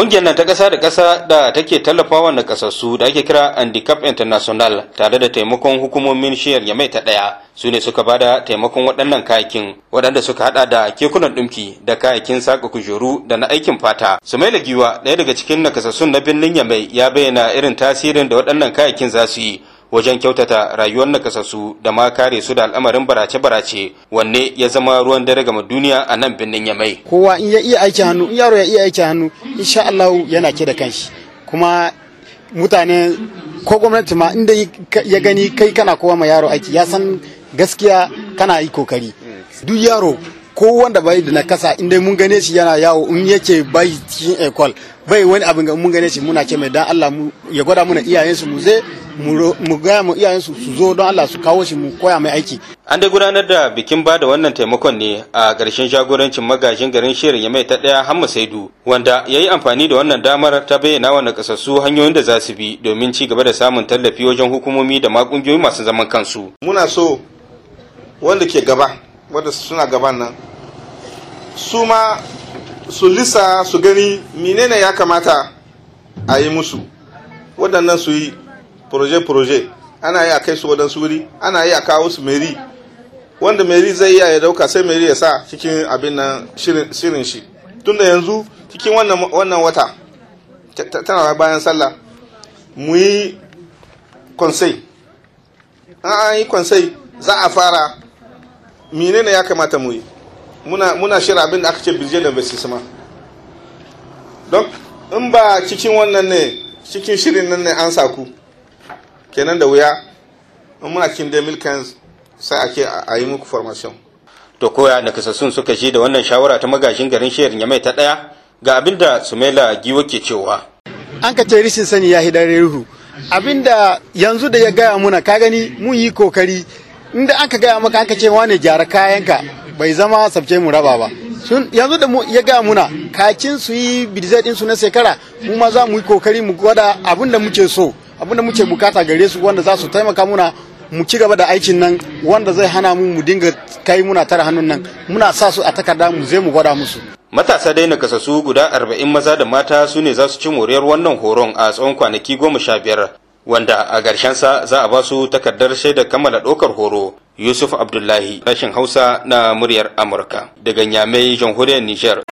Ƙungiyar nan ta ƙasa da ƙasa da take tallafawa na ƙasassu da ake kira Handicap International tare da taimakon hukumomin shiyar Yamai ta ɗaya su ne suka bada taimakon waɗannan kayakin waɗanda suka haɗa da kekunan ɗumki da kayakin saƙa kujeru da na aikin fata. Sumaila Giwa ɗaya daga cikin nakasassun na birnin Yamai ya bayyana irin tasirin da waɗannan kayakin za su yi wajen kyautata rayuwar nakasassu da ma kare su da al'amarin barace-barace wanne ya zama ruwan dare ga duniya a nan birnin yamai kowa in ya iya aiki hannu in yaro ya iya aiki hannu insha Allah yana ke da kanshi kuma mutane ko gwamnati ma inda ya gani kai kana kowa ma yaro aiki ya san gaskiya kana yi kokari duk yaro ko wanda bai da nakasa inda mun gane shi yana yawo in yake bai cikin ekol bai wani abin ga mun gane shi muna ce mai dan Allah mu ya gwada muna iyayen su mu ze mu gaya mu iyayen su su zo don Allah su kawo shi mu koya mai aiki an dai gudanar da bikin ba da wannan taimakon ne a ƙarshen jagorancin magajin garin shirin ya mai ta ɗaya hamma saidu wanda ya yi amfani da wannan damar ta bayyana wa nakasassu hanyoyin da za su bi domin ci gaba da samun tallafi wajen hukumomi da ma kungiyoyi masu zaman kansu muna so wanda ke gaba wadda suna gaban nan su ma su lisa su gani menene ya kamata a yi musu waɗannan su yi proje-proje ana yi a kai su waɗansu wuri ana yi a kawo su meri wanda meri zai iya ya dauka sai meri ya sa cikin abin nan shirin shi tun da yanzu cikin wannan wata tana bayan sallah mu yi konsai an yi konsai za a fara menene ya kamata mu yi muna shirin abin da aka ce birje da sama don in ba cikin wannan ne cikin shirin nan ne an saku kenan da wuya in muna cikin da milkans sai ake a yi muku formation to koya da kasassun suka shi da wannan shawara ta magashin garin shirin ya mai ta daya ga abin da sumaila giwa ke cewa an ka ce rishin sani ya hidare ruhu abinda yanzu da ya gaya muna ka gani mun yi kokari inda aka gaya maka aka ce wane gyara kayanka bai zama sabce mu raba ba yanzu da ya gaya muna kakin su yi bidizai din su na shekara mu ma za mu yi kokari mu gwada abin da muke so abin da muke bukata gare su wanda za su taimaka muna mu ci gaba da aikin nan wanda zai hana mu mu dinga kai muna tara hannun nan muna sa su a takarda mu zai mu gwada musu matasa daina kasasu guda arba'in maza da mata su ne za su ci moriyar wannan horon a tsawon kwanaki goma sha biyar wanda a sa za a basu su takardar shaidar kammala ɗaukar horo yusuf abdullahi rashin hausa na muryar amurka daga nyamai jamhuriyar niger